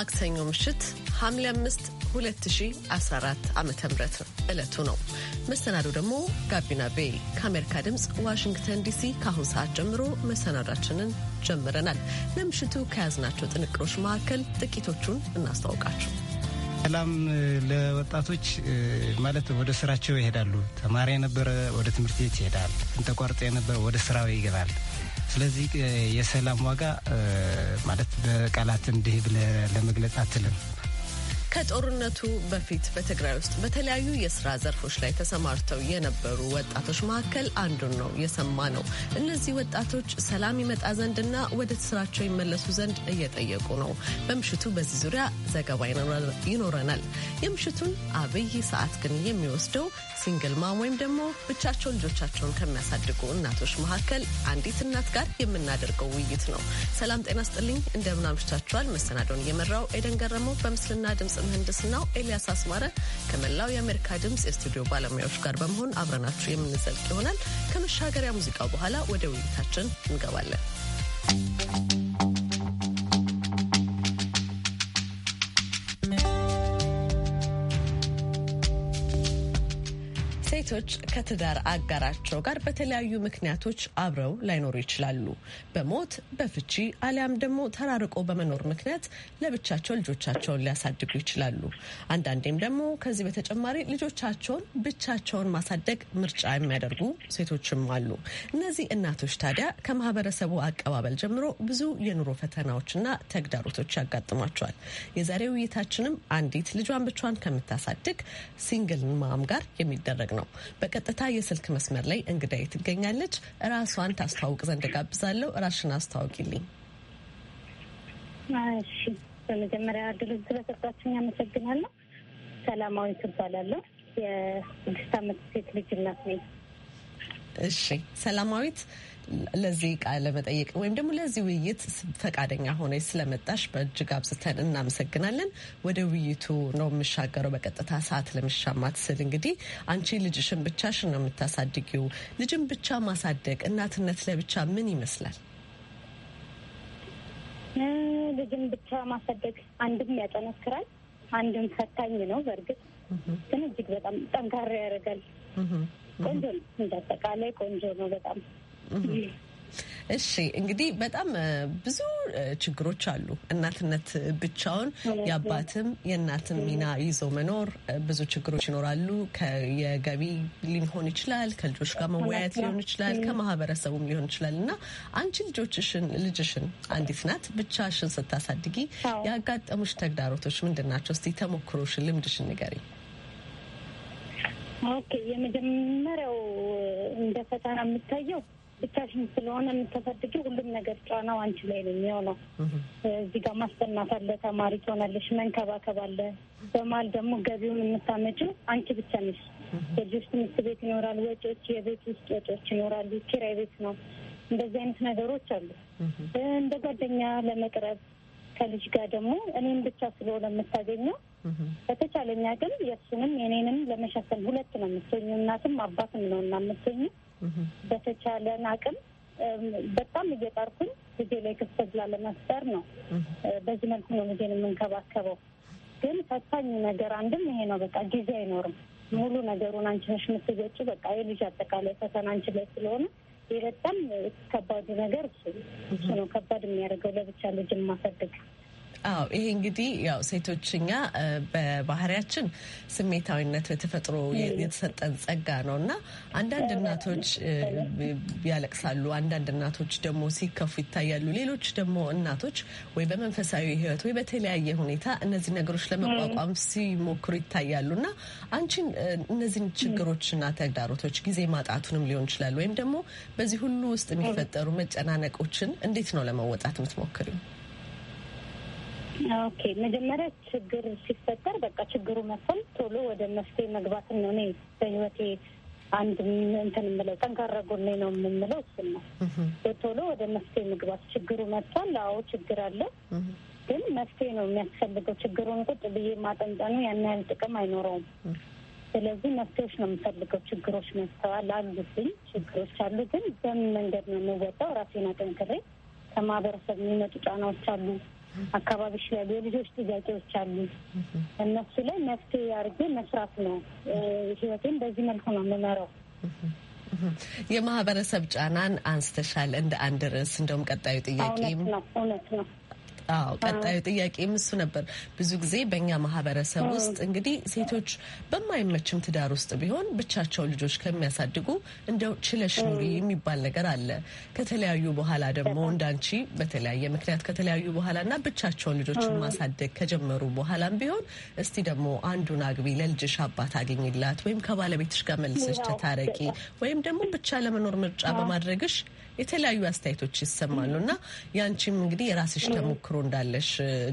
ማክሰኞ ምሽት ሐምሌ 5 2014 ዓ ም ዕለቱ ነው። መሰናዶ ደግሞ ጋቢና ቤ ከአሜሪካ ድምፅ ዋሽንግተን ዲሲ ከአሁን ሰዓት ጀምሮ መሰናዳችንን ጀምረናል። ለምሽቱ ከያዝናቸው ጥንቅሮች መካከል ጥቂቶቹን እናስተዋውቃችሁ። ሰላም ለወጣቶች ማለት ወደ ስራቸው ይሄዳሉ። ተማሪ የነበረ ወደ ትምህርት ቤት ይሄዳል። ተቋርጦ የነበረ ወደ ስራው ይገባል። ስለዚህ የሰላም ዋጋ ማለት በቃላት እንዲህ ብለህ ለመግለጽ አትልም። ከጦርነቱ በፊት በትግራይ ውስጥ በተለያዩ የስራ ዘርፎች ላይ ተሰማርተው የነበሩ ወጣቶች መካከል አንዱን ነው የሰማ ነው። እነዚህ ወጣቶች ሰላም ይመጣ ዘንድና ወደ ስራቸው ይመለሱ ዘንድ እየጠየቁ ነው። በምሽቱ በዚህ ዙሪያ ዘገባ ይኖረናል። የምሽቱን አብይ ሰዓት ግን የሚወስደው ሲንግል ማም ወይም ደግሞ ብቻቸው ልጆቻቸውን ከሚያሳድጉ እናቶች መካከል አንዲት እናት ጋር የምናደርገው ውይይት ነው። ሰላም ጤና ስጥልኝ፣ እንደምናምሽታችኋል። መሰናዶን እየመራው ኤደን ገረመው በምስልና ድምጽ ምህንድስናው ኤልያስ አስማረ ከመላው የአሜሪካ ድምፅ የስቱዲዮ ባለሙያዎች ጋር በመሆን አብረናችሁ የምንዘልቅ ይሆናል። ከመሻገሪያ ሙዚቃው በኋላ ወደ ውይይታችን እንገባለን። ሴቶች ከትዳር አጋራቸው ጋር በተለያዩ ምክንያቶች አብረው ላይኖሩ ይችላሉ። በሞት በፍቺ አሊያም ደግሞ ተራርቆ በመኖር ምክንያት ለብቻቸው ልጆቻቸውን ሊያሳድጉ ይችላሉ። አንዳንዴም ደግሞ ከዚህ በተጨማሪ ልጆቻቸውን ብቻቸውን ማሳደግ ምርጫ የሚያደርጉ ሴቶችም አሉ። እነዚህ እናቶች ታዲያ ከማህበረሰቡ አቀባበል ጀምሮ ብዙ የኑሮ ፈተናዎችና ተግዳሮቶች ያጋጥሟቸዋል። የዛሬ ውይይታችንም አንዲት ልጇን ብቻዋን ከምታሳድግ ሲንግል ማም ጋር የሚደረግ ነው። በቀጥታ የስልክ መስመር ላይ እንግዳይ ትገኛለች። ራሷን ታስተዋውቅ ዘንድ ጋብዛለሁ። ራሽን አስተዋውቂልኝ። እሺ፣ በመጀመሪያ እድሉ ስለሰጣችሁኝ አመሰግናለሁ። ሰላማዊ ትባላለሁ። የስድስት አመት ሴት ልጅ እናት ነኝ። እሺ፣ ሰላማዊት ለዚህ ቃለ መጠይቅ ወይም ደግሞ ለዚህ ውይይት ፈቃደኛ ሆነች ስለመጣሽ በእጅግ አብዝተን እናመሰግናለን። ወደ ውይይቱ ነው የምሻገረው በቀጥታ ሰዓት ለመሻማት ስል እንግዲህ አንቺ ልጅሽን ብቻሽን ነው የምታሳድጊው። ልጅን ብቻ ማሳደግ እናትነት ለብቻ ምን ይመስላል? ልጅን ብቻ ማሳደግ አንድም ያጠነክራል፣ አንድም ፈታኝ ነው። በእርግጥ ግን እጅግ በጣም ጠንካራ ያደርጋል። ቆንጆ ነው፣ እንዳጠቃላይ ቆንጆ ነው በጣም እሺ እንግዲህ በጣም ብዙ ችግሮች አሉ። እናትነት ብቻውን የአባትም የእናትም ሚና ይዞ መኖር ብዙ ችግሮች ይኖራሉ። የገቢ ሊሆን ይችላል፣ ከልጆች ጋር መወያየት ሊሆን ይችላል፣ ከማህበረሰቡም ሊሆን ይችላል እና አንቺ ልጆችሽን ልጅሽን አንዲት ናት ብቻሽን ስታሳድጊ ያጋጠሙሽ ተግዳሮቶች ምንድን ናቸው? እስቲ ተሞክሮሽን፣ ልምድሽን ንገሪኝ። ኦኬ የመጀመሪያው እንደ ፈተና የምታየው ብቻሽን ስለሆነ የምተፈልጊው ሁሉም ነገር ጫናው አንቺ ላይ ነው የሚሆነው። እዚህ ጋር ማስጠናት አለ፣ ተማሪ ትሆናለሽ፣ መንከባከብ አለ። በመሀል ደግሞ ገቢውን የምታመጪው አንቺ ብቻ ነሽ። የልጆች ትምህርት ቤት ይኖራል፣ ወጪዎች፣ የቤት ውስጥ ወጪዎች ይኖራሉ፣ ኪራይ ቤት ነው። እንደዚህ አይነት ነገሮች አሉ። እንደ ጓደኛ ለመቅረብ ከልጅ ጋር ደግሞ እኔም ብቻ ስለሆነ የምታገኘው በተቻለኛ ግን የእሱንም የኔንም ለመሸፈን ሁለት ነው የምትኙ፣ እናትም አባትም ነው እና የምትኙ በተቻለን አቅም በጣም እየጠርኩኝ ጊዜ ላይ ክፍተት ላለመፍጠር ነው። በዚህ መልኩ ነው ልጄን የምንከባከበው። ግን ፈታኝ ነገር አንድም ይሄ ነው። በቃ ጊዜ አይኖርም። ሙሉ ነገሩን አንቺ ነሽ የምትገጪ። በቃ የልጅ አጠቃላይ ፈተና አንቺ ላይ ስለሆነ ይህ በጣም ከባዱ ነገር እሱ ነው። ከባድ የሚያደርገው ለብቻ ልጅ ማሳደግ አዎ ይሄ እንግዲህ ያው ሴቶች እኛ በባህሪያችን ስሜታዊነት በተፈጥሮ የተሰጠን ጸጋ ነው እና አንዳንድ እናቶች ያለቅሳሉ፣ አንዳንድ እናቶች ደግሞ ሲከፉ ይታያሉ። ሌሎች ደግሞ እናቶች ወይ በመንፈሳዊ ሕይወት ወይ በተለያየ ሁኔታ እነዚህ ነገሮች ለመቋቋም ሲሞክሩ ይታያሉ እና አንቺን እነዚህን ችግሮችና ተግዳሮቶች ጊዜ ማጣቱንም ሊሆን ይችላል ወይም ደግሞ በዚህ ሁሉ ውስጥ የሚፈጠሩ መጨናነቆችን እንዴት ነው ለመወጣት የምትሞክሪው? ኦኬ መጀመሪያ ችግር ሲፈጠር በቃ ችግሩ መሰል ቶሎ ወደ መፍትሄ መግባትን ነው እኔ በህይወቴ አንድ እንትን የምለው ጠንካራ ጎኔ ነው የምንለው እሱን ነው። ቶሎ ወደ መፍትሄ መግባት ችግሩ መጥቷል። አዎ ችግር አለ፣ ግን መፍትሄ ነው የሚያስፈልገው። ችግሩን ቁጭ ብዬ ማጠንጠኑ ያን ያህል ጥቅም አይኖረውም። ስለዚህ መፍትሄዎች ነው የምፈልገው። ችግሮች መጥተዋል፣ አሉብኝ፣ ችግሮች አሉ፣ ግን በምን መንገድ ነው የምወጣው? ራሴን አጠንክሬ ከማህበረሰብ የሚመጡ ጫናዎች አሉ አካባቢ ላይ የልጆች ጥያቄዎች አሉ። እነሱ ላይ መፍትሄ አድርጌ መስራት ነው። ህይወቴን በዚህ መልኩ ነው የምመራው። የማህበረሰብ ጫናን አንስተሻል እንደ አንድ ርዕስ። እንደውም ቀጣዩ ጥያቄ ነው እውነት ነው አዎ ቀጣዩ ጥያቄ ምሱ ነበር። ብዙ ጊዜ በእኛ ማህበረሰብ ውስጥ እንግዲህ ሴቶች በማይመችም ትዳር ውስጥ ቢሆን ብቻቸውን ልጆች ከሚያሳድጉ እንደው ችለሽ ኑሪ የሚባል ነገር አለ። ከተለያዩ በኋላ ደግሞ እንዳንቺ በተለያየ ምክንያት ከተለያዩ በኋላ እና ብቻቸውን ልጆችን ማሳደግ ከጀመሩ በኋላም ቢሆን እስቲ ደግሞ አንዱን አግቢ፣ ለልጅሽ አባት አገኝላት፣ ወይም ከባለቤትሽ ጋር መልሰች ተታረቂ፣ ወይም ደግሞ ብቻ ለመኖር ምርጫ በማድረግሽ የተለያዩ አስተያየቶች ይሰማሉ እና ያንቺም እንግዲህ የራስሽ ተሞክሮ እንዳለሽ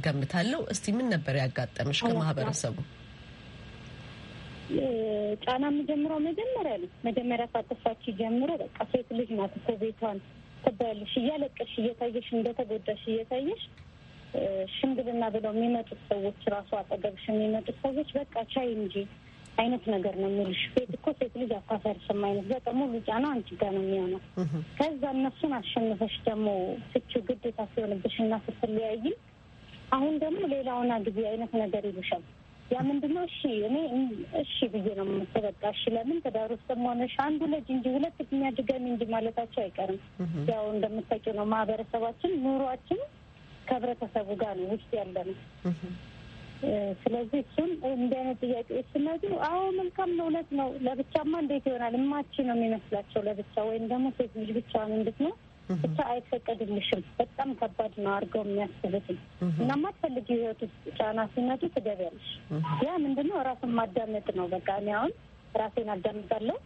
ገምታለሁ። እስቲ ምን ነበር ያጋጠምሽ ከማህበረሰቡ? ጫና የምጀምረው መጀመሪያ ነው። መጀመሪያ ካጠፋች ጀምሮ በቃ ሴት ልጅ ናት እኮ ቤቷን ትባያለሽ፣ እያለቀሽ እየታየሽ እንደተጎዳሽ እየታየሽ ሽምግልና ብለው የሚመጡት ሰዎች ራሱ አጠገብሽ የሚመጡት ሰዎች በቃ ቻይ እንጂ አይነት ነገር ነው የሚልሽ። ቤት እኮ ሴት ልጅ አታፈርስም አይነት ገጠር ሙሉ ጫና አንቺ ጋ ነው የሚሆነው። ከዛ እነሱን አሸንፈሽ ደግሞ ፍቺው ግዴታ ሲሆንብሽ እና ስትለያይ አሁን ደግሞ ሌላውን ጊዜ አይነት ነገር ይሉሻል። ያ ምንድነው? እሺ እኔ እሺ ብዬ ነው የምትበቃ። እሺ ለምን ትዳር ውስጥ ሆነሽ አንዱ ልጅ እንጂ ሁለት እድሜ ድገሚ እንጂ ማለታቸው አይቀርም። ያው እንደምታውቂው ነው ማህበረሰባችን ኑሯችን ከህብረተሰቡ ጋር ነው ውስጥ ያለ ነው። ስለዚህ እሱም እንደ አይነት ጥያቄዎች ስናዙ አዎ መልካም ነው፣ እውነት ነው። ለብቻማ እንዴት ይሆናል? እማች ነው የሚመስላቸው ለብቻ ወይም ደግሞ ሴት ልጅ ብቻ ምንድት ነው ብቻ አይፈቀድልሽም። በጣም ከባድ ነው አድርገው የሚያስብት እና ማትፈልጊ ህይወት ውስጥ ጫና ሲመጡ ትገቢያለሽ። ያ ምንድነው ራስን ማዳመጥ ነው። በቃ እኔ አሁን ራሴን አዳምጣለሁ።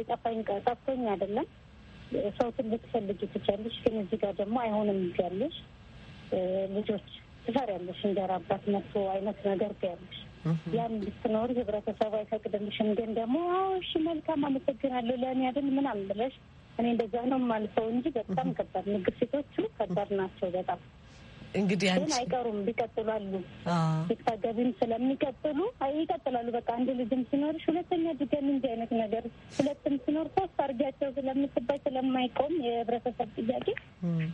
ይጠፋኝ ጠፍቶኝ አይደለም። ሰው ትልቅ ፈልጊ ትችያለሽ፣ ግን እዚህ ጋር ደግሞ አይሆንም ያለሽ ልጆች ትሰሪያለሽ፣ እንጀራ አባት መቶ አይነት ነገር ትያለሽ። ያን እንድትኖሪ ህብረተሰቡ አይፈቅድልሽም። ግን ደግሞ እሺ መልካም አመሰግናለሁ ለእኔ አይደል ምናምን ብለሽ እኔ እንደዛ ነው የማልፈው እንጂ በጣም ከባድ ምግብ ሴቶቹ ከባድ ናቸው በጣም እንግዲህ ግን አይቀሩም ቢቀጥሉ አሉ ስለሚቀጥሉ ይቀጥላሉ። በቃ አንድ ልጅም ሲኖር ሁለተኛ ድገም እንጂ አይነት ነገር ሁለትም ሲኖር ሶስት አርጊያቸው ስለምትባይ ስለማይቆም የህብረተሰብ ጥያቄ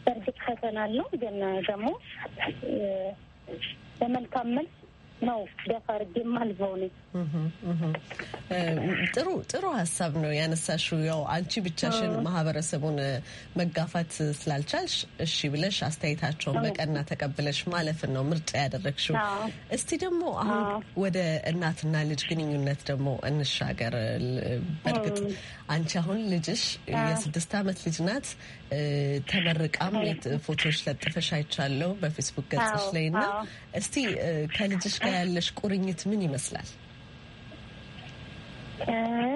በእርግጥ ፈተናል ነው ግን ደግሞ በመልካም መልስ ነው ደፈር ግማል በሆነ ጥሩ ጥሩ ሀሳብ ነው ያነሳሽው። ያው አንቺ ብቻሽን ማህበረሰቡን መጋፋት ስላልቻልሽ እሺ ብለሽ አስተያየታቸውን በቀና ተቀብለሽ ማለፍን ነው ምርጫ ያደረግሽው። እስቲ ደግሞ አሁን ወደ እናትና ልጅ ግንኙነት ደግሞ እንሻገር። በእርግጥ አንቺ አሁን ልጅሽ የስድስት አመት ልጅ ናት። ተመርቃም ፎቶዎች ለጥፈሽ አይቻለው በፌስቡክ ገጽሽ ላይ እና እስቲ ከልጅሽ ጋር ያለሽ ቁርኝት ምን ይመስላል?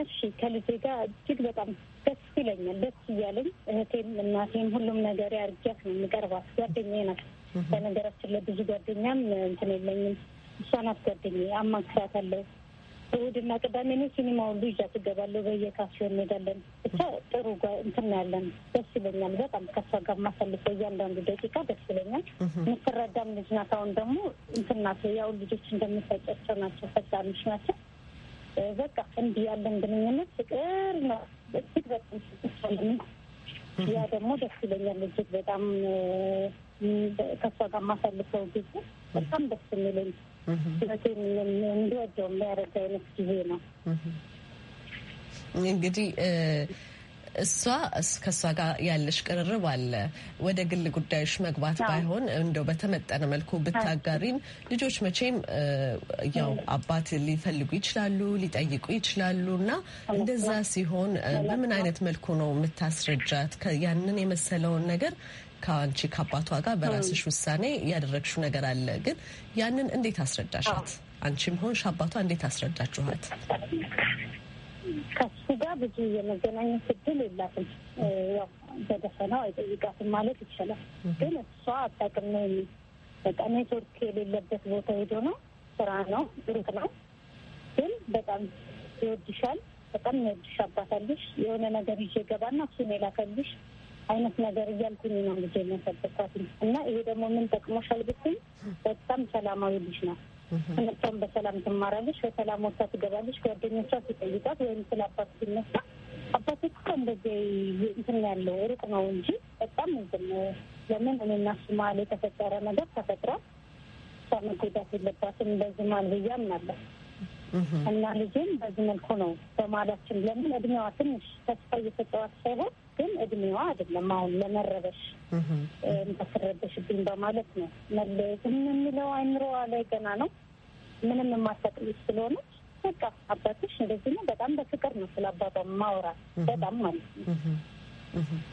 እሺ ከልጄ ጋር እጅግ በጣም ደስ ይለኛል። ደስ እያለኝ እህቴም እናቴም ሁሉም ነገር አድርጊያት ነው የሚቀርባት ጓደኛ ናት። በነገራችን ለብዙ ጓደኛም እንትን የለኝም። እሷ ናት ጓደኛዬ። አለው። እሁድና ቅዳሜ ነው ሲኒማ ሁሉ ይዣት እገባለሁ። በየካፌው እንሄዳለን። ብቻ ጥሩ እንትን ያለን ደስ ይለኛል። በጣም ከሷ ጋር የማሳልፈው እያንዳንዱ ደቂቃ ደስ ይለኛል። የምትረዳም ልጅ ናት። አሁን ደግሞ እንትን ያው ልጆች እንደምታጫቸው ናቸው፣ ፈጣኖች ናቸው። በቃ እንዲህ ያለን ግንኙነት ፍቅር ነው። እጅግ በጣም ያ ደግሞ ደስ ይለኛል። እጅግ በጣም ከሷ ጋር ማሳልፈው ጊዜ በጣም ደስ የሚለኝ ህይወቴን እንዲወደው የሚያደርግ አይነት ጊዜ ነው። እንግዲህ እሷ ከእሷ ጋር ያለሽ ቅርርብ አለ። ወደ ግል ጉዳዮች መግባት ባይሆን እንደው በተመጠነ መልኩ ብታጋሪን። ልጆች መቼም ያው አባት ሊፈልጉ ይችላሉ፣ ሊጠይቁ ይችላሉ። እና እንደዛ ሲሆን በምን አይነት መልኩ ነው የምታስረጃት ያንን የመሰለውን ነገር ከአንቺ ከአባቷ ጋር በራስሽ ውሳኔ ያደረግሽው ነገር አለ። ግን ያንን እንዴት አስረዳሻት? አንቺም ሆንሽ አባቷ እንዴት አስረዳችኋት? ከሱ ጋር ብዙ የመገናኘት እድል የላትም። ያው በደፈናው አይጠይቃትም ማለት ይቻላል። ግን እሷ አታውቅም። በቃ ኔትወርክ የሌለበት ቦታ ሄዶ ነው። ስራ ነው፣ ሩቅ ነው። ግን በጣም ይወድሻል፣ በጣም ይወድሽ አባታልሽ። የሆነ ነገር ይዤ ገባና እሱን የላከልሽ አይነት ነገር እያልኩኝ ነው ልጅ የሚያሳደኳት እና ይሄ ደግሞ ምን ጠቅሞሻል ብትይ በጣም ሰላማዊ ልጅ ነው። ትምህርቷን በሰላም ትማራለች፣ በሰላም ወታ ትገባለች። ጓደኞቿ ሲጠይቋት ወይም ስለ አባት ሲነሳ አባት እኮ እንደዚህ እንትን ያለው ሩቅ ነው እንጂ በጣም እንትን ለምን እኔና እሱ መሀል የተፈጠረ ነገር ተፈጥሯል። እሷ መጎዳት የለባትም በዚህ መሀል ብዬ አምናለሁ እና ልጅም በዚህ መልኩ ነው በማላችን ለምን እድሜዋ ትንሽ ተስፋ እየሰጠዋት ሳይሆን ግን እድሜዋ አይደለም አሁን ለመረበሽ እንዳትረበሽብኝ በማለት ነው መለየትም የምንለው። አይምሮዋ ላይ ገና ነው። ምንም የማታውቅልሽ ስለሆነ በቃ አባትሽ እንደዚህ ነው። በጣም በፍቅር ነው ስለ አባቷ ማውራት በጣም ማለት ነው።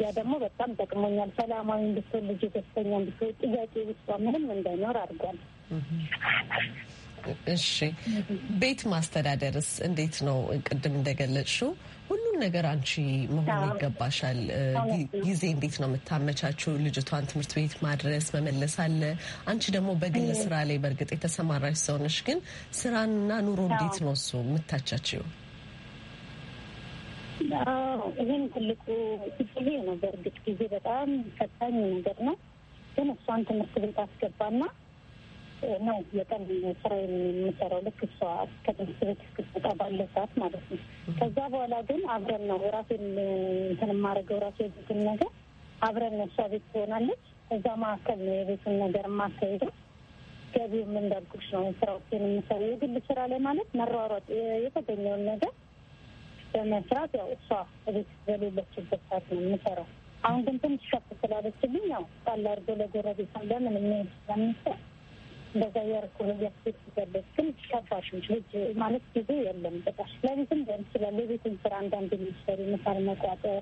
ያ ደግሞ በጣም ጠቅሞኛል። ሰላማዊ እንድትሆን ልጅ ደስተኛ እንድትሆን ጥያቄ ውስጧ ምንም እንዳይኖር አድርጓል። እሺ ቤት ማስተዳደርስ እንዴት ነው? ቅድም እንደገለጽሽው ሁሉን ነገር አንቺ መሆን ይገባሻል። ጊዜ እንዴት ነው የምታመቻችው? ልጅቷን ትምህርት ቤት ማድረስ መመለስ አለ። አንቺ ደግሞ በግል ስራ ላይ በእርግጥ የተሰማራሽ ሰው ነሽ፣ ግን ስራና ኑሮ እንዴት ነው እሱ የምታቻችው? ይህን ትልቁ ጊዜ ነው። በእርግጥ ጊዜ በጣም ፈታኝ ነገር ነው፣ ግን እሷን ትምህርት ቤት አስገባና ነው የቀን ስራ የምሰራው። ልክ እሷ ከትምህርት ቤት እስክትወጣ ባለ ሰዓት ማለት ነው። ከዛ በኋላ ግን አብረን ነው ራሴን እንትን የማደርገው ራሴ ቤትን ነገር አብረን እሷ ቤት ትሆናለች። እዛ መካከል ነው የቤትን ነገር የማካሄደው። ገቢውም እንዳልኩሽ ነው ስራዎችን የምሰራው የግል ስራ ላይ ማለት መሯሯጥ የተገኘውን ነገር በመስራት ያው እሷ ቤት በሌለችበት ሰዓት ነው የምሰራው። አሁን ግን ትንሽ ከፍ ስላለችልኝ ያው ጣል አድርጎ ለጎረቤት ለምን የሚሄድ ስለሚሰ በዛ የርኩን እያስቤት ግን ከፋሾች ልጅ ማለት ጊዜ የለም። በጣም ለቤትም ሊሆን ይችላል። የቤትን ስራ አንዳንድ የሚሰሩ ምሳል መቋጠር፣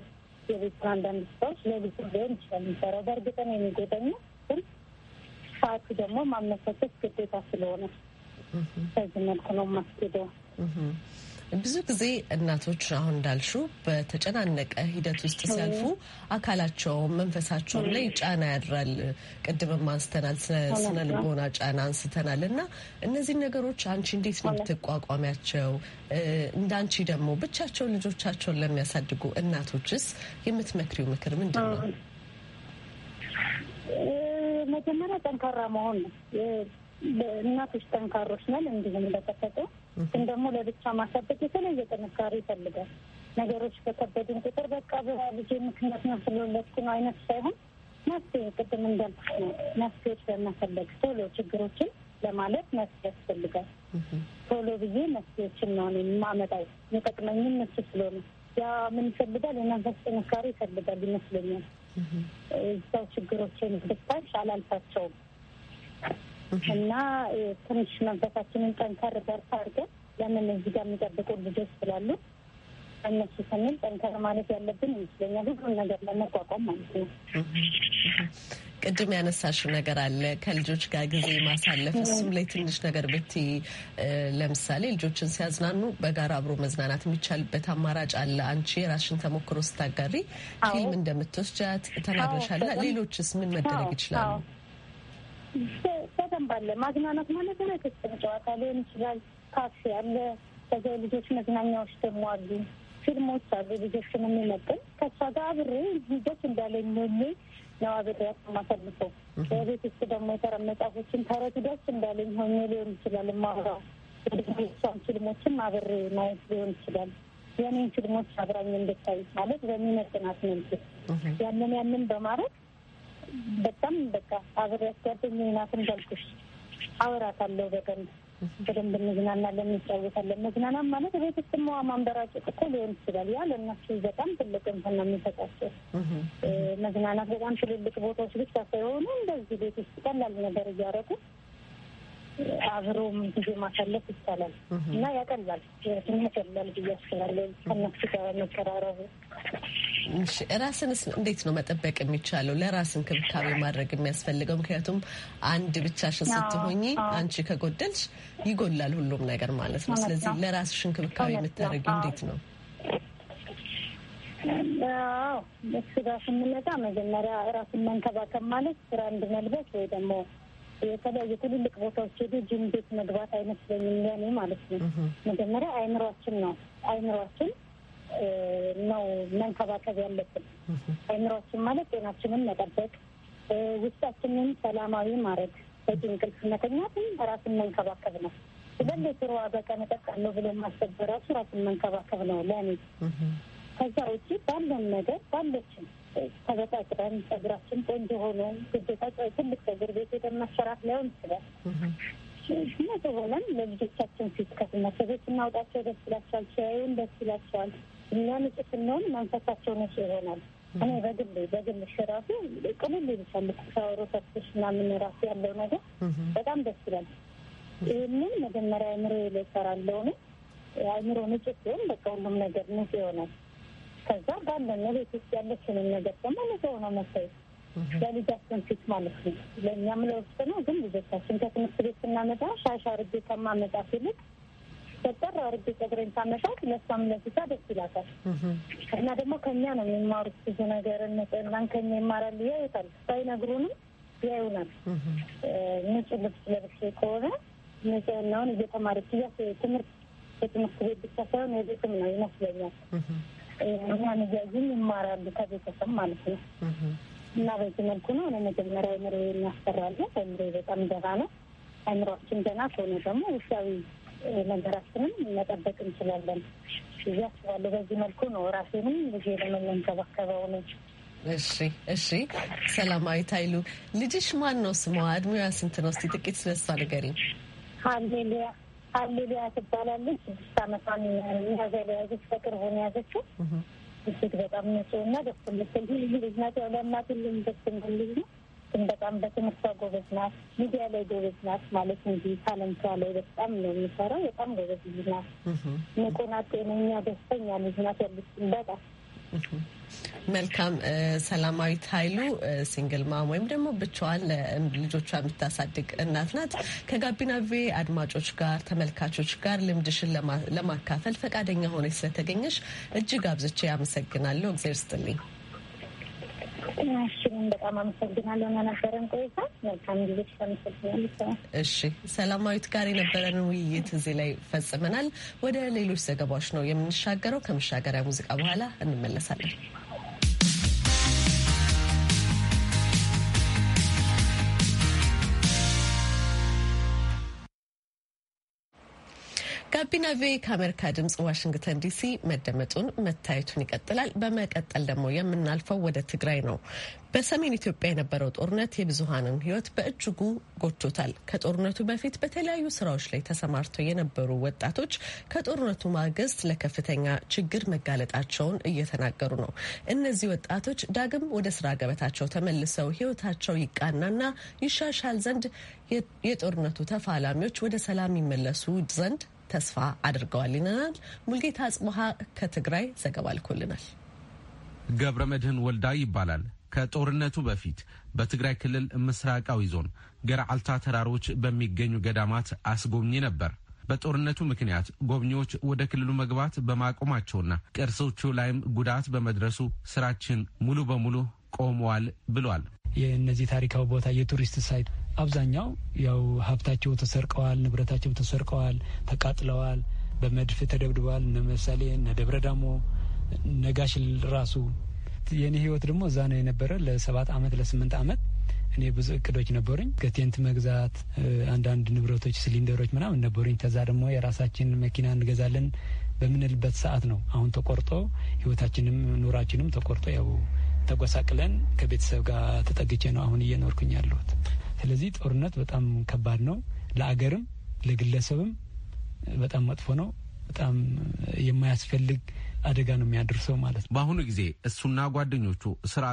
የቤት ስራ አንዳንድ ስራዎች ለቤትም ሊሆን ይችላል የሚሰራው። በእርግጠን ነው ግን ሰዓቱ ደግሞ ማመሳሰት ግዴታ ስለሆነ በዚህ መልኩ ነው የማስኬደው። ብዙ ጊዜ እናቶች አሁን እንዳልሹ በተጨናነቀ ሂደት ውስጥ ሲያልፉ አካላቸውም መንፈሳቸውም ላይ ጫና ያድራል። ቅድምም አንስተናል፣ ስነ ልቦና ጫና አንስተናል እና እነዚህ ነገሮች አንቺ እንዴት ነው የምትቋቋሚያቸው? እንደ አንቺ ደግሞ ብቻቸው ልጆቻቸውን ለሚያሳድጉ እናቶችስ የምትመክሪው ምክር ምንድን ነው? መጀመሪያ ጠንካራ መሆን ነው። እናቶች ጠንካሮች ነን። እንዲሁም ለተፈጠ ግን ደግሞ ለብቻ ማሳደግ የተለየ ጥንካሬ ይፈልጋል። ነገሮች በከበድን ቁጥር በቃ በልጄ ምክንያት ነው ስለወለድኩ ነው አይነት ሳይሆን መፍትሄ ቅድም እንዳልኩት ነው መፍትሄዎች በመፈለግ ቶሎ ችግሮችን ለማለት መፍትሄ ያስፈልጋል። ቶሎ ብዬ መፍትሄዎችን ነው የማመጣው የሚጠቅመኝም እሱ ስለሆነ ያ ምን ይፈልጋል? የመንፈስ ጥንካሬ ይፈልጋል ይመስለኛል። እዛው ችግሮችን ብታሽ አላልፋቸውም እና ትንሽ መንፈሳችንን ጠንከር በርታ አድርገን ለምን እዚህ ጋር የሚጠብቁ ልጆች ስላሉ እነሱ ስንል ጠንከር ማለት ያለብን ይመስለኛል። ሁሉን ነገር ለመቋቋም ማለት ነው። ቅድም ያነሳሽው ነገር አለ፣ ከልጆች ጋር ጊዜ ማሳለፍ። እሱም ላይ ትንሽ ነገር ብቲ ለምሳሌ ልጆችን ሲያዝናኑ በጋራ አብሮ መዝናናት የሚቻልበት አማራጭ አለ። አንቺ የራሽን ተሞክሮ ስታጋሪ ፊልም እንደምትወስጃት ተናግረሻልና ሌሎችስ ምን መደረግ ይችላሉ? በደንብ አለ። ማዝናናት ማለት ነው። የክስጥን ጨዋታ ሊሆን ይችላል። ካፌ አለ። ከዚያ ልጆች መዝናኛዎች ደግሞ አሉ። ፊልሞች አሉ። ልጆችን የሚመጥን ከሷ ጋር አብሬ ልጆች እንዳለኝ የሚሆኜ ነው አብሬ ማሳልፈው። በቤት ውስጥ ደግሞ የተረ መጽሐፎችን ተረቱ ደስ እንዳለኝ ሆኜ ሊሆን ይችላል የማወራው። የእሷን ፊልሞችም አብሬ ማየት ሊሆን ይችላል። የኔን ፊልሞች አብራኝ እንድታይ ማለት በሚመጥናት መልክ ያንን ያንን በማድረግ በጣም በቃ አብሬያት ጓደኛዬ ናት እንዳልኩሽ አወራታለሁ በደንብ በደንብ እንዝናናለን፣ እንጫወታለን። መዝናናት ማለት ቤት ውስጥ መዋ ማንበራጨት እኮ ሊሆን ይችላል። ያ ለእነሱ በጣም ትልቅ እንትን ነው የሚሰጣቸው መዝናናት። በጣም ትልልቅ ቦታዎች ብቻ ሳይሆኑ እንደዚህ ቤት ውስጥ ቀላል ነገር እያደረጉ አብሮም ጊዜ ማሳለፍ ይቻላል እና ያቀላል፣ ትንሽ ያቀላል ብዬ አስባለሁ ከእነሱ ጋር መቀራረቡ ራስንስ እንዴት ነው መጠበቅ የሚቻለው? ለራስ እንክብካቤ ማድረግ የሚያስፈልገው ምክንያቱም አንድ ብቻሽን ስትሆኚ አንቺ ከጎደልሽ ይጎላል ሁሉም ነገር ማለት ነው። ስለዚህ ለራስሽ እንክብካቤ የምታደርጊው እንዴት ነው? እሱ ጋር ስንመጣ መጀመሪያ ራስን መንከባከብ ማለት ስራ መልበስ ወይ ደግሞ የተለያዩ ትልልቅ ቦታዎች ሄዱ ጅም ቤት መግባት አይመስለኝም ለኔ ማለት ነው። መጀመሪያ አይምሯችን ነው አይምሯችን ነው መንከባከብ ያለብን። አእምሯችን ማለት ጤናችንን መጠበቅ፣ ውስጣችንን ሰላማዊ ማድረግ፣ በቂ እንቅልፍ መተኛትም ራስን መንከባከብ ነው። ስለዚህ ጥሩ በቀን እጠጣለሁ ብሎ ማሰብ ራሱ ራስን መንከባከብ ነው ለእኔ። ከዛ ውጭ ባለን ነገር ባለችን ተበጣጥረን ጸጉራችን ቆንጆ ሆኖ ግዴታ ትልቅ ጸጉር ቤት ሄደን መሰራት ላይሆን ይችላል። ምክንያቱ ሆነን ለልጆቻችን ፊት ከትምህርት ቤት እናውጣቸው። ደስ ይላቸዋል፣ ሲያዩን ደስ ይላቸዋል። እኛ ንጭት ስንሆን ማንሳታቸው ነች ይሆናል። እኔ በግል በግል ራሱ ቅልል ይልሻል ሰሮ ሰቶች ምናምን ራሱ ያለው ነገር በጣም ደስ ይላል። ይህንን መጀመሪያ አእምሮ ላይ ሰራለው ነው አእምሮ ንጭት ሲሆን በቃ ሁሉም ነገር ንጽ ይሆናል። ከዛ ባለን ቤት ውስጥ ያለችንን ነገር ደግሞ ንጽ ሆነ መታየት ለልጃችን ፊት ማለት ነው። ለእኛም ለውስጥ ነው፣ ግን ልጆቻችን ከትምህርት ቤት ስናመጣ ሻሻ ርጌ ከማመጣት ይልቅ ሲፈጠር አርግ ፀጉሬን ሳመሻት ለሷም ለፊቷ ደስ ይላታል። እና ደግሞ ከኛ ነው የሚማሩት ብዙ ነገር ንጽህናን ከኛ ይማራሉ። ያዩታል፣ ባይነግሩንም ያዩናል። ንጹህ ልብስ ለብሼ ከሆነ ንጽህናውን እየተማረች እያ ትምህርት በትምህርት ቤት ብቻ ሳይሆን የቤትም ነው ይመስለኛል። እኛን እያዩን ይማራሉ ከቤተሰብ ማለት ነው። እና በዚህ መልኩ ነው እኔ መጀመሪያ አይምሮ የሚያስፈራለ አይምሮ በጣም ደህና ነው። አይምሯችን ደህና ከሆነ ደግሞ ውሻዊ ነገራችንን መጠበቅ እንችላለን ብዬ አስባለሁ። በዚህ መልኩ ነው ራሴንም ልጄንም ለመንከባከበው ነው። እሺ፣ እሺ። ሰላማዊት ኃይሉ ልጅሽ ማን ነው ስሟ? እድሜዋ ስንት ነው? እስቲ ጥቂት ስለሷ ንገሪኝ። ሀሌሉያ ሀሌሉያ ትባላለች። ስድስት አመቷን ያዘ ያዘች፣ በቅርቡ ነው ያዘችው። እጅግ በጣም ንጹህ እና ደስ የምትል ልጅ ናት። ያው ለእናት ሁሉም ደስ የምትል ልጅ ነው። እሱም በጣም በትምህርቷ ጎበዝ ናት፣ ሚዲያ ላይ ጎበዝ ናት ማለት እንጂ ታለንቷ ላይ በጣም ነው የሚሰራው። በጣም ጎበዝ ልጅ ናት፣ ንቁ ጤነኛ ደስተኛ ልጅ ናት ያለችን በጣም መልካም ሰላማዊት ኃይሉ ሲንግል ማም ወይም ደግሞ ብቻዋን ለልጆቿ የምታሳድግ እናት ናት። ከጋቢና ቪ አድማጮች ጋር ተመልካቾች ጋር ልምድሽን ለማካፈል ፈቃደኛ ሆነች ስለተገኘሽ እጅግ አብዝቼ ያመሰግናለሁ። እግዜር ስጥልኝ። ጤናሽን በጣም አመሰግናለሁ። ነበረን ቆይታ መልካም ጊዜ ተመሰግናለሁ። እሺ ሰላማዊት ጋር የነበረን ውይይት እዚህ ላይ ፈጽመናል። ወደ ሌሎች ዘገባዎች ነው የምንሻገረው። ከመሻገሪያ ሙዚቃ በኋላ እንመለሳለን። ጋቢና ቪኦኤ ከአሜሪካ ድምጽ ዋሽንግተን ዲሲ መደመጡን መታየቱን ይቀጥላል። በመቀጠል ደግሞ የምናልፈው ወደ ትግራይ ነው። በሰሜን ኢትዮጵያ የነበረው ጦርነት የብዙሀንን ሕይወት በእጅጉ ጎድቶታል። ከጦርነቱ በፊት በተለያዩ ስራዎች ላይ ተሰማርተው የነበሩ ወጣቶች ከጦርነቱ ማግስት ለከፍተኛ ችግር መጋለጣቸውን እየተናገሩ ነው። እነዚህ ወጣቶች ዳግም ወደ ስራ ገበታቸው ተመልሰው ሕይወታቸው ይቃናና ይሻሻል ዘንድ የጦርነቱ ተፋላሚዎች ወደ ሰላም ይመለሱ ዘንድ ተስፋ አድርገዋል ይለናል ሙልጌታ አጽብሃ ከትግራይ ዘገባ ልኮልናል። ገብረ መድህን ወልዳ ይባላል። ከጦርነቱ በፊት በትግራይ ክልል ምስራቃዊ ዞን ገርዓልታ ተራሮች በሚገኙ ገዳማት አስጎብኚ ነበር። በጦርነቱ ምክንያት ጎብኚዎች ወደ ክልሉ መግባት በማቆማቸውና ቅርሶቹ ላይም ጉዳት በመድረሱ ስራችን ሙሉ በሙሉ ቆመዋል ብሏል። የእነዚህ ታሪካዊ ቦታ የቱሪስት ሳይት አብዛኛው ያው ሀብታቸው ተሰርቀዋል፣ ንብረታቸው ተሰርቀዋል፣ ተቃጥለዋል፣ በመድፍ ተደብድበዋል። እነ ምሳሌ እነ ደብረ ዳሞ ነጋሽ ራሱ የኔ ህይወት ደግሞ እዛ ነው የነበረ ለሰባት አመት ለስምንት አመት እኔ ብዙ እቅዶች ነበሩኝ። ከቴንት መግዛት አንዳንድ ንብረቶች ሲሊንደሮች ምናምን ነበሩኝ። ከዛ ደግሞ የራሳችን መኪና እንገዛለን በምንልበት ሰዓት ነው አሁን ተቆርጦ ህይወታችንም ኑራችንም ተቆርጦ ያው ተጎሳቅለን ከቤተሰብ ጋር ተጠግቼ ነው አሁን እየኖርኩኝ ያለሁት። ስለዚህ ጦርነት በጣም ከባድ ነው። ለአገርም ለግለሰብም በጣም መጥፎ ነው። በጣም የማያስፈልግ አደጋ ነው የሚያደርሰው ማለት ነው። በአሁኑ ጊዜ እሱና ጓደኞቹ ስራ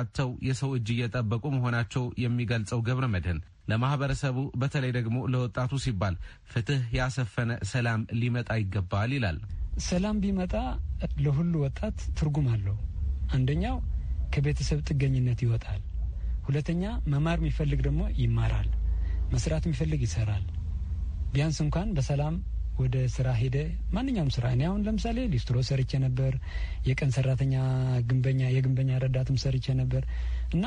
የሰው እጅ እየጠበቁ መሆናቸው የሚገልጸው ገብረ መድህን ለማህበረሰቡ በተለይ ደግሞ ለወጣቱ ሲባል ፍትህ ያሰፈነ ሰላም ሊመጣ ይገባል ይላል። ሰላም ቢመጣ ለሁሉ ወጣት ትርጉም አለው። አንደኛው ከቤተሰብ ጥገኝነት ይወጣል። ሁለተኛ መማር የሚፈልግ ደግሞ ይማራል፣ መስራት የሚፈልግ ይሰራል። ቢያንስ እንኳን በሰላም ወደ ስራ ሄደ ማንኛውም ስራ እኔ አሁን ለምሳሌ ሊስትሮ ሰርቼ ነበር። የቀን ሰራተኛ ግንበኛ፣ የግንበኛ ረዳትም ሰርቼ ነበር እና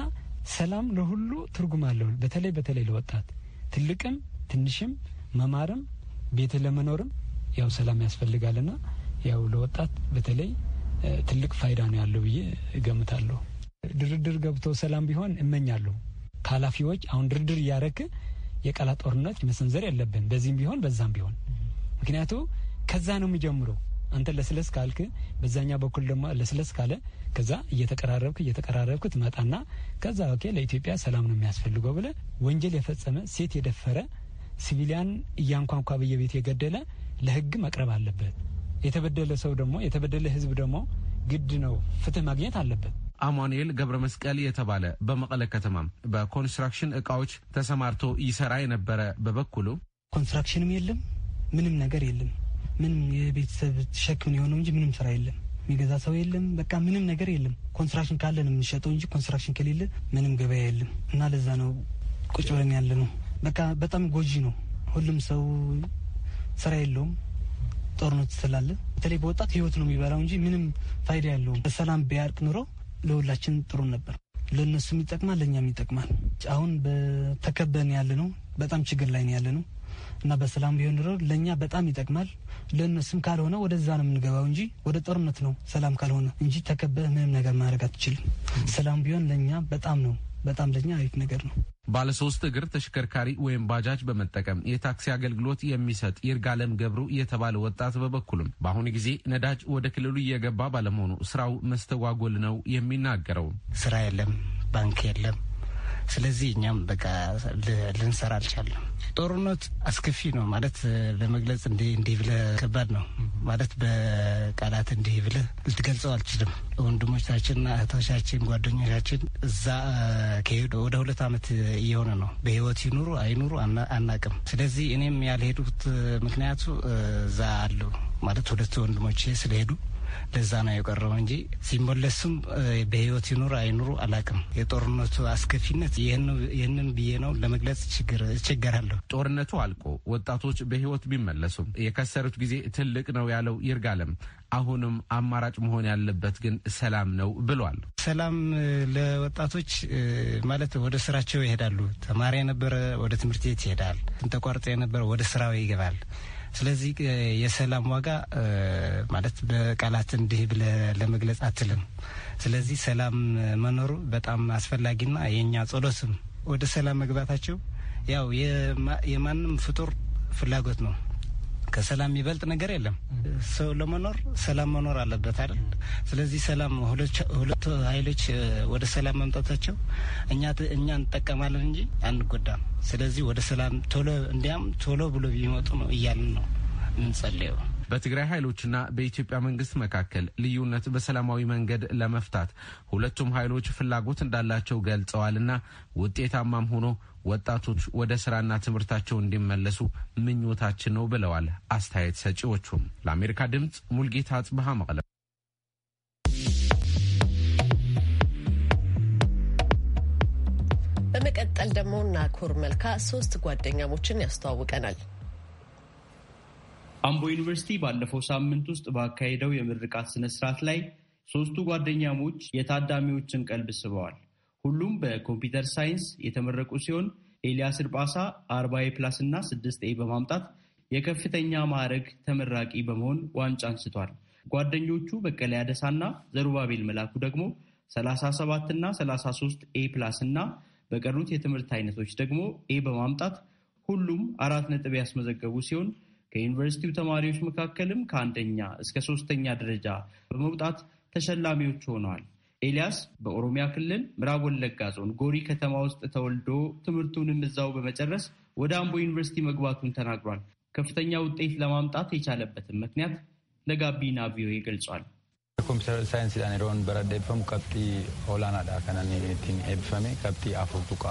ሰላም ለሁሉ ትርጉም አለው። በተለይ በተለይ ለወጣት ትልቅም ትንሽም መማርም ቤት ለመኖርም ያው ሰላም ያስፈልጋልና ያው ለወጣት በተለይ ትልቅ ፋይዳ ነው ያለው ብዬ እገምታለሁ። ድርድር ገብቶ ሰላም ቢሆን እመኛለሁ። ከኃላፊዎች አሁን ድርድር እያረክ የቃላት ጦርነት መሰንዘር የለብን። በዚህም ቢሆን በዛም ቢሆን ምክንያቱ ከዛ ነው የሚጀምረው። አንተ ለስለስ ካልክ፣ በዛኛ በኩል ደግሞ ለስለስ ካለ፣ ከዛ እየተቀራረብክ እየተቀራረብክ ትመጣና ከዛ ኦኬ ለኢትዮጵያ ሰላም ነው የሚያስፈልገው ብለ ወንጀል የፈጸመ ሴት የደፈረ ሲቪሊያን እያንኳንኳ በየቤት የገደለ ለህግ መቅረብ አለበት። የተበደለ ሰው ደግሞ የተበደለ ህዝብ ደግሞ ግድ ነው ፍትህ ማግኘት አለበት። አማኑኤል ገብረ መስቀል የተባለ በመቀለ ከተማ በኮንስትራክሽን እቃዎች ተሰማርቶ ይሰራ የነበረ በበኩሉ ኮንስትራክሽንም የለም፣ ምንም ነገር የለም። ምንም የቤተሰብ ተሸክም የሆነው እንጂ ምንም ስራ የለም። የሚገዛ ሰው የለም። በቃ ምንም ነገር የለም። ኮንስትራክሽን ካለ ነው የምንሸጠው እንጂ ኮንስትራክሽን ከሌለ ምንም ገበያ የለም እና ለዛ ነው ቁጭ ብለን ያለ ነው። በቃ በጣም ጎጂ ነው። ሁሉም ሰው ስራ የለውም። ጦርነት ስላለ በተለይ በወጣት ህይወት ነው የሚበላው እንጂ ምንም ፋይዳ ያለውም። ሰላም ቢያርቅ ኑሮ ለሁላችን ጥሩ ነበር። ለእነሱም ይጠቅማል፣ ለእኛም ይጠቅማል። አሁን በተከበን ያለ ነው፣ በጣም ችግር ላይ ያለ ነው እና በሰላም ቢሆን ድሮ ለእኛ በጣም ይጠቅማል፣ ለእነሱም ካልሆነ ወደዛ ነው የምንገባው እንጂ ወደ ጦርነት ነው ሰላም ካልሆነ እንጂ ተከበህ ምንም ነገር ማድረግ አትችልም። ሰላም ቢሆን ለእኛ በጣም ነው በጣም ለኛ አሪፍ ነገር ነው። ባለሶስት እግር ተሽከርካሪ ወይም ባጃጅ በመጠቀም የታክሲ አገልግሎት የሚሰጥ ይርጋለም ገብሩ የተባለ ወጣት በበኩሉም በአሁኑ ጊዜ ነዳጅ ወደ ክልሉ እየገባ ባለመሆኑ ስራው መስተጓጎል ነው የሚናገረው። ስራ የለም፣ ባንክ የለም ስለዚህ እኛም በቃ ልንሰራ አልቻለም። ጦርነት አስከፊ ነው ማለት ለመግለጽ እንዲህ ብለ ከባድ ነው ማለት በቃላት እንዲህ ብለ ልትገልጸው አልችልም። ና እህቶቻችን፣ ጓደኞቻችን እዛ ከሄዱ ወደ ሁለት ዓመት እየሆነ ነው። በህይወት ይኑሩ አይኑሩ አናቅም። ስለዚህ እኔም ያልሄዱት ምክንያቱ እዛ አሉ ማለት ሁለት ወንድሞቼ ስለሄዱ ለዛ ነው የቀረው እንጂ ሲመለሱም በህይወት ይኑር አይኑሩ አላቅም። የጦርነቱ አስከፊነት ይህንን ብዬ ነው ለመግለጽ እቸገራለሁ ጦርነቱ አልቆ ወጣቶች በህይወት ቢመለሱም የከሰሩት ጊዜ ትልቅ ነው ያለው ይርጋለም አሁንም አማራጭ መሆን ያለበት ግን ሰላም ነው ብሏል። ሰላም ለወጣቶች ማለት ወደ ስራቸው ይሄዳሉ። ተማሪ የነበረ ወደ ትምህርት ቤት ይሄዳል። ተቋርጦ የነበረ ወደ ስራው ይገባል። ስለዚህ የሰላም ዋጋ ማለት በቃላት እንዲህ ብለ ለመግለጽ አትልም። ስለዚህ ሰላም መኖሩ በጣም አስፈላጊና የእኛ ጸሎትም ወደ ሰላም መግባታቸው ያው የማንም ፍጡር ፍላጎት ነው። ከሰላም የሚበልጥ ነገር የለም። ሰው ለመኖር ሰላም መኖር አለበት አይደል? ስለዚህ ሰላም ሁለቱ ኃይሎች ወደ ሰላም መምጣታቸው እኛ እኛ እንጠቀማለን እንጂ አንጎዳም። ስለዚህ ወደ ሰላም ቶሎ እንዲያም ቶሎ ብሎ ቢመጡ ነው እያልን ነው የምንጸልየው። በትግራይ ኃይሎችና በኢትዮጵያ መንግስት መካከል ልዩነት በሰላማዊ መንገድ ለመፍታት ሁለቱም ኃይሎች ፍላጎት እንዳላቸው ገልጸዋልና ውጤታማም ሆኖ ወጣቶች ወደ ስራና ትምህርታቸው እንዲመለሱ ምኞታችን ነው ብለዋል አስተያየት ሰጪዎቹም። ለአሜሪካ ድምፅ ሙልጌታ አጽብሃ መቀለ። በመቀጠል ደግሞ ናኮር መልካ ሶስት ጓደኛሞችን ያስተዋውቀናል። አምቦ ዩኒቨርሲቲ ባለፈው ሳምንት ውስጥ ባካሄደው የምርቃት ስነስርዓት ላይ ሶስቱ ጓደኛሞች የታዳሚዎችን ቀልብ ስበዋል። ሁሉም በኮምፒውተር ሳይንስ የተመረቁ ሲሆን ኤልያስ እርጳሳ አርባ ኤ ፕላስ እና ስድስት ኤ በማምጣት የከፍተኛ ማዕረግ ተመራቂ በመሆን ዋንጫ አንስቷል። ጓደኞቹ በቀለ ያደሳና ዘሩባቤል መላኩ ደግሞ 37 እና 33 ኤ ፕላስ እና በቀሩት የትምህርት አይነቶች ደግሞ ኤ በማምጣት ሁሉም አራት ነጥብ ያስመዘገቡ ሲሆን ከዩኒቨርሲቲው ተማሪዎች መካከልም ከአንደኛ እስከ ሶስተኛ ደረጃ በመውጣት ተሸላሚዎች ሆነዋል። ኤልያስ በኦሮሚያ ክልል ምዕራብ ወለጋ ዞን ጎሪ ከተማ ውስጥ ተወልዶ ትምህርቱንም እዛው በመጨረስ ወደ አምቦ ዩኒቨርሲቲ መግባቱን ተናግሯል። ከፍተኛ ውጤት ለማምጣት የቻለበትን ምክንያት ለጋቢና ቪኦኤ ገልጿል። ኮምፒተር ሳይንስ ዳኔሮን በረደፈም ቀብጢ ኦላናዳ ከናኔቲን ኤብፈሜ ቀብጢ አፉርቱቃ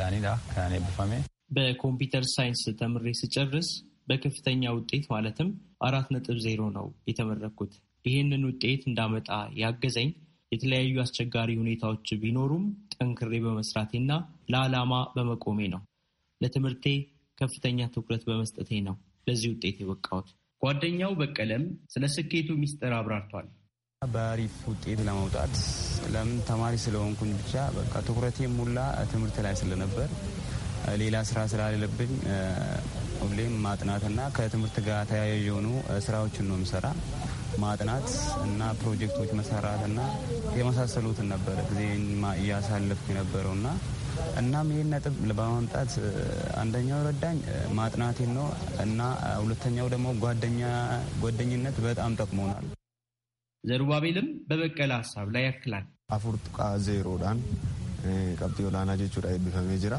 ዳ ከናኔ ኤብፈሜ በኮምፒውተር ሳይንስ ተምሬ ስጨርስ በከፍተኛ ውጤት ማለትም አራት ነጥብ ዜሮ ነው የተመረኩት። ይህንን ውጤት እንዳመጣ ያገዘኝ የተለያዩ አስቸጋሪ ሁኔታዎች ቢኖሩም ጠንክሬ በመስራቴና ለዓላማ በመቆሜ ነው። ለትምህርቴ ከፍተኛ ትኩረት በመስጠቴ ነው ለዚህ ውጤት የበቃሁት። ጓደኛው በቀለም ስለ ስኬቱ ሚስጥር አብራርቷል። በአሪፍ ውጤት ለመውጣት ለምን ተማሪ ስለሆንኩኝ ብቻ በቃ ትኩረቴ ሙላ ትምህርት ላይ ስለነበር ሌላ ስራ ስላለብኝ። ሁሌም ማጥናትና ከትምህርት ጋር ተያያዥ የሆኑ ስራዎችን ነው የምሰራ። ማጥናት እና ፕሮጀክቶች መሰራትና የመሳሰሉትን ነበረ ጊዜ እያሳለፍኩ የነበረው እና እናም ይህን ነጥብ በማምጣት አንደኛው ረዳኝ ማጥናቴ ነው እና ሁለተኛው ደግሞ ጓደኛ ጓደኝነት በጣም ጠቅሞናል። ዘሩባቤልም በበቀለ ሀሳብ ላይ ያክላል። አፉር ዜሮዳን ቀብጢ ኦላና ጀቹ ኤብቢፈሜ ጅራ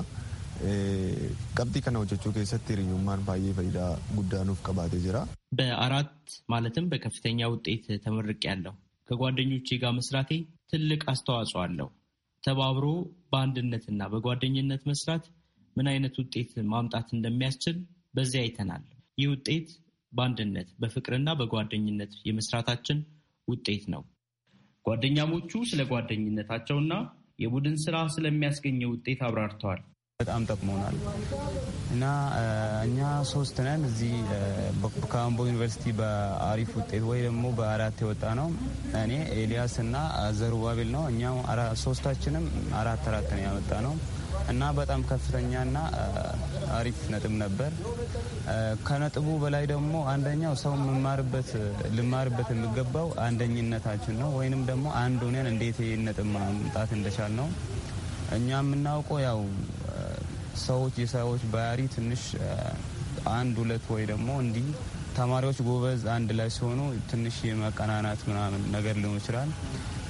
ቀብጢ eh, kana hojjechuu ከሰት hiriyummaan baay'ee faayidaa guddaa nuuf qabaatee በአራት ማለትም በከፍተኛ ውጤት ተመርቅ ያለው ከጓደኞቼ ጋር መስራቴ ትልቅ አስተዋጽኦ አለው። ተባብሮ በአንድነትና በጓደኝነት መስራት ምን አይነት ውጤት ማምጣት እንደሚያስችል በዚያ አይተናል። ይህ ውጤት በአንድነት በፍቅርና በጓደኝነት የመስራታችን ውጤት ነው። ጓደኛሞቹ ስለ ጓደኝነታቸውና የቡድን ስራ ስለሚያስገኘው ውጤት አብራርተዋል። በጣም ጠቅሞናል እና እኛ ሶስት ነን እዚህ ከአምቦ ዩኒቨርሲቲ በአሪፍ ውጤት ወይ ደግሞ በአራት የወጣ ነው። እኔ ኤልያስ እና ዘሩባቤል ነው። እኛ ሶስታችንም አራት አራት ነው ያመጣ ነው እና በጣም ከፍተኛና አሪፍ ነጥብ ነበር። ከነጥቡ በላይ ደግሞ አንደኛው ሰው የምማርበት ልማርበት የሚገባው አንደኝነታችን ነው ወይንም ደግሞ አንድ ሆነን እንዴት ነጥብ ማምጣት እንደቻል ነው እኛ የምናውቀው ያው ሰዎች የሰዎች ባህሪ ትንሽ አንድ ሁለት ወይ ደግሞ እንዲህ ተማሪዎች ጎበዝ አንድ ላይ ሲሆኑ ትንሽ የመቀናናት ምናምን ነገር ሊሆን ይችላል።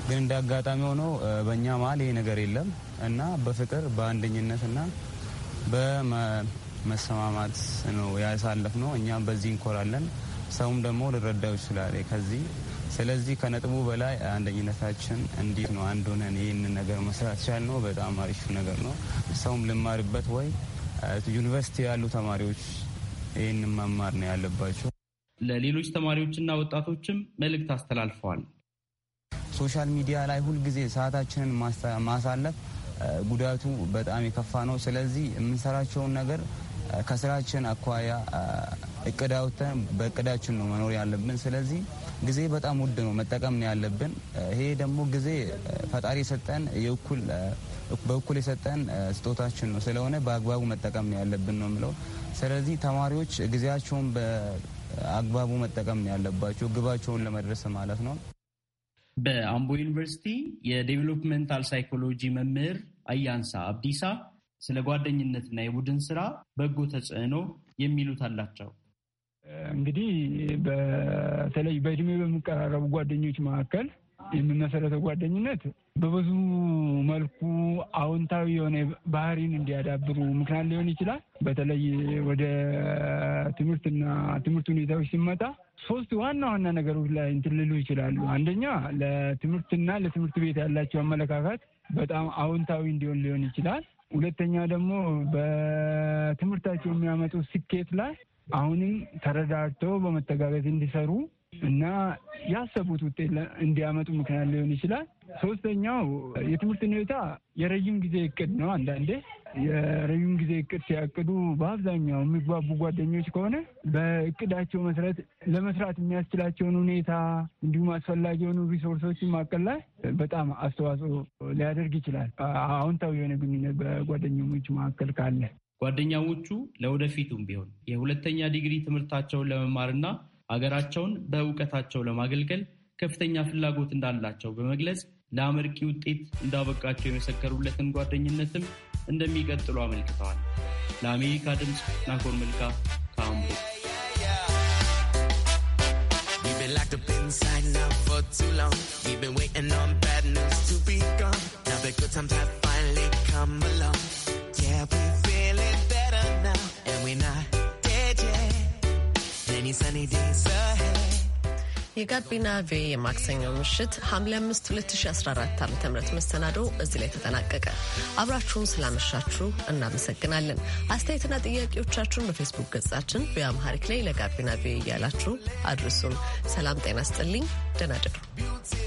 ግን እንደ አጋጣሚ ሆኖ በእኛ መሀል ይሄ ነገር የለም እና በፍቅር በአንደኝነት እና በመሰማማት ነው ያሳለፍ ነው። እኛም በዚህ እንኮራለን። ሰውም ደግሞ ልረዳው ይችላል ከዚህ ስለዚህ ከነጥቡ በላይ አንደኝነታችን እንዴት ነው አንድ ሆነን ይህንን ነገር መስራት ቻል ነው። በጣም አሪፍ ነገር ነው። ሰውም ልማርበት ወይ ዩኒቨርሲቲ ያሉ ተማሪዎች ይህን መማር ነው ያለባቸው። ለሌሎች ተማሪዎችና ወጣቶችም መልእክት አስተላልፈዋል። ሶሻል ሚዲያ ላይ ሁልጊዜ ሰዓታችንን ማሳለፍ ጉዳቱ በጣም የከፋ ነው። ስለዚህ የምንሰራቸውን ነገር ከስራችን አኳያ እቅድ አውጥተን በእቅዳችን ነው መኖር ያለብን። ስለዚህ ጊዜ በጣም ውድ ነው፣ መጠቀም ነው ያለብን። ይሄ ደግሞ ጊዜ ፈጣሪ የሰጠን የእኩል በእኩል የሰጠን ስጦታችን ነው። ስለሆነ በአግባቡ መጠቀም ነው ያለብን ነው የምለው። ስለዚህ ተማሪዎች ጊዜያቸውን በአግባቡ መጠቀም ነው ያለባቸው፣ ግባቸውን ለመድረስ ማለት ነው። በአምቦ ዩኒቨርሲቲ የዴቨሎፕመንታል ሳይኮሎጂ መምህር አያንሳ አብዲሳ ስለ ጓደኝነትና የቡድን ስራ በጎ ተጽዕኖ የሚሉት አላቸው። እንግዲህ በተለይ በእድሜ በሚቀራረቡ ጓደኞች መካከል የምመሰረተው ጓደኝነት በብዙ መልኩ አዎንታዊ የሆነ ባህሪን እንዲያዳብሩ ምክንያት ሊሆን ይችላል። በተለይ ወደ ትምህርትና ትምህርት ሁኔታዎች ሲመጣ ሶስት ዋና ዋና ነገሮች ላይ እንትን ልሉ ይችላሉ። አንደኛ ለትምህርትና ለትምህርት ቤት ያላቸው አመለካከት በጣም አዎንታዊ እንዲሆን ሊሆን ይችላል። ሁለተኛ ደግሞ በትምህርታቸው የሚያመጡ ስኬት ላይ አሁንም ተረዳድተው በመተጋገዝ እንዲሰሩ እና ያሰቡት ውጤት እንዲያመጡ ምክንያት ሊሆን ይችላል። ሶስተኛው የትምህርት ሁኔታ የረዥም ጊዜ እቅድ ነው። አንዳንዴ የረዥም ጊዜ እቅድ ሲያቅዱ በአብዛኛው የሚግባቡ ጓደኞች ከሆነ በእቅዳቸው መሰረት ለመስራት የሚያስችላቸውን ሁኔታ እንዲሁም አስፈላጊ የሆኑ ሪሶርሶችን ማቀላል በጣም አስተዋጽኦ ሊያደርግ ይችላል። አዎንታዊ የሆነ ግንኙነት በጓደኞች መካከል ካለ ጓደኛዎቹ ለወደፊቱም ቢሆን የሁለተኛ ዲግሪ ትምህርታቸውን ለመማርና ሀገራቸውን በእውቀታቸው ለማገልገል ከፍተኛ ፍላጎት እንዳላቸው በመግለጽ ለአመርቂ ውጤት እንዳበቃቸው የመሰከሩለትን ጓደኝነትም እንደሚቀጥሉ አመልክተዋል። ለአሜሪካ ድምፅ ናኮር መልካ ከአምቦ። We've been locked up inside now for too long. We've been waiting የጋቢና ቪ የማክሰኞ ምሽት ሐምሌ 5 2014 ዓ ም መሰናዶው እዚህ ላይ ተጠናቀቀ። አብራችሁን ስላመሻችሁ እናመሰግናለን። አስተያየትና ጥያቄዎቻችሁን በፌስቡክ ገጻችን በአምሃሪክ ላይ ለጋቢና ቪ እያላችሁ አድርሱን። ሰላም ጤና ስጥልኝ። ደህና እደሩ።